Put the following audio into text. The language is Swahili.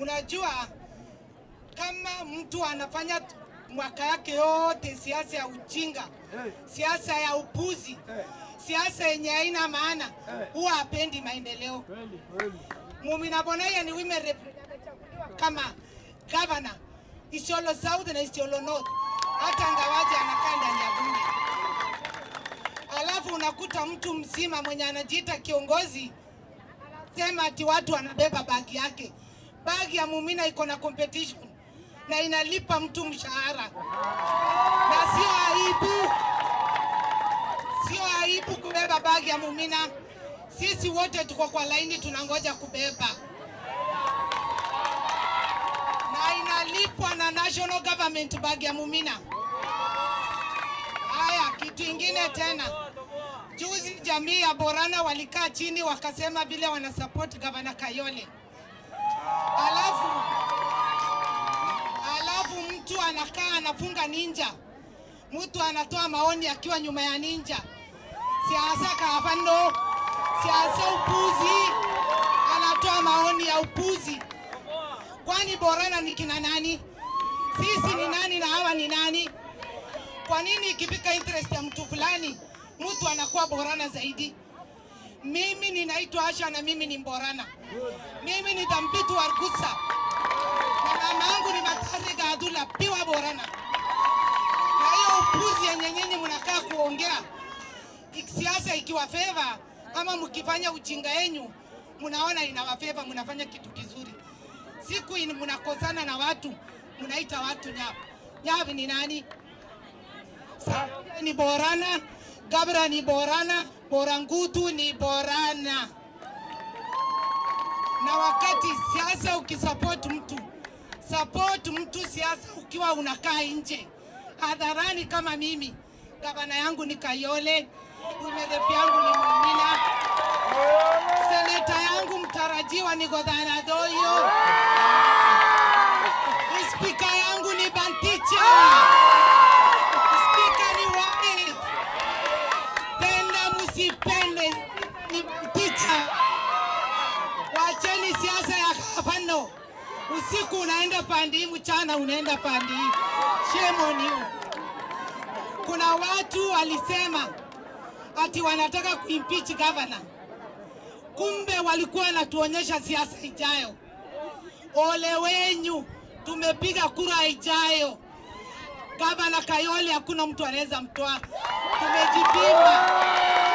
Unajua, kama mtu anafanya mwaka yake yote siasa ya ujinga, eh. siasa ya upuzi, eh. siasa yenye haina maana, eh. huwa hapendi maendeleo. Mumina Bonaia ni wime rep kama governor Isiolo South na Isiolo North, hata ngawaje anakaa ndani ya bunge. Alafu unakuta mtu mzima mwenye anajiita kiongozi sema ati watu wanabeba bagi yake bagi ya Mumina iko na competition na inalipa mtu mshahara, na sio aibu, sio aibu kubeba bagi ya Mumina. Sisi wote tuko kwa laini, tunangoja kubeba na inalipwa na national government bagi ya Mumina. Haya, kitu ingine tena, juzi jamii ya Borana walikaa chini wakasema vile wanasupport Gavana Kayole alafu alafu mtu anakaa anafunga ninja, mtu anatoa maoni akiwa nyuma ya ninja. Siasa kaafando, siasa upuzi, anatoa maoni ya upuzi. Kwani Borana ni kina nani? Sisi ni nani na hawa ni nani? Kwa nini ikifika interest ya mtu fulani mtu anakuwa Borana zaidi? Mimi ninaitwa Asha na mimi ni Mborana. Mimi ni Dambitu wa Rukusa na mama yangu ni Makazi Gadula piwa Borana. Na hiyo upuzi yenye nyinyi mnakaa kuongea siasa ikiwa feva ama mkifanya ujinga yenyu mnaona inawa feva, mnafanya kitu kizuri. Siku mnakosana na watu mnaita watu nyapo. Nyapo ni nani? Sa ni Borana, Gabra ni Borana bora ngutu ni borana. Na wakati siasa ukisupport mtu, support mtu siasa ukiwa unakaa nje hadharani. Kama mimi gavana yangu ni Kayole, umerepi yangu ni Mumina, seneta yangu mtarajiwa ni Godana usiku unaenda pandii mchana unaenda pandi. Shame on you. Kuna watu walisema ati wanataka kuimpeach governor, kumbe walikuwa wanatuonyesha siasa ijayo. Ole wenyu, tumepiga kura ijayo. Gavana Kayole hakuna mtu anaweza mtoa, tumejipima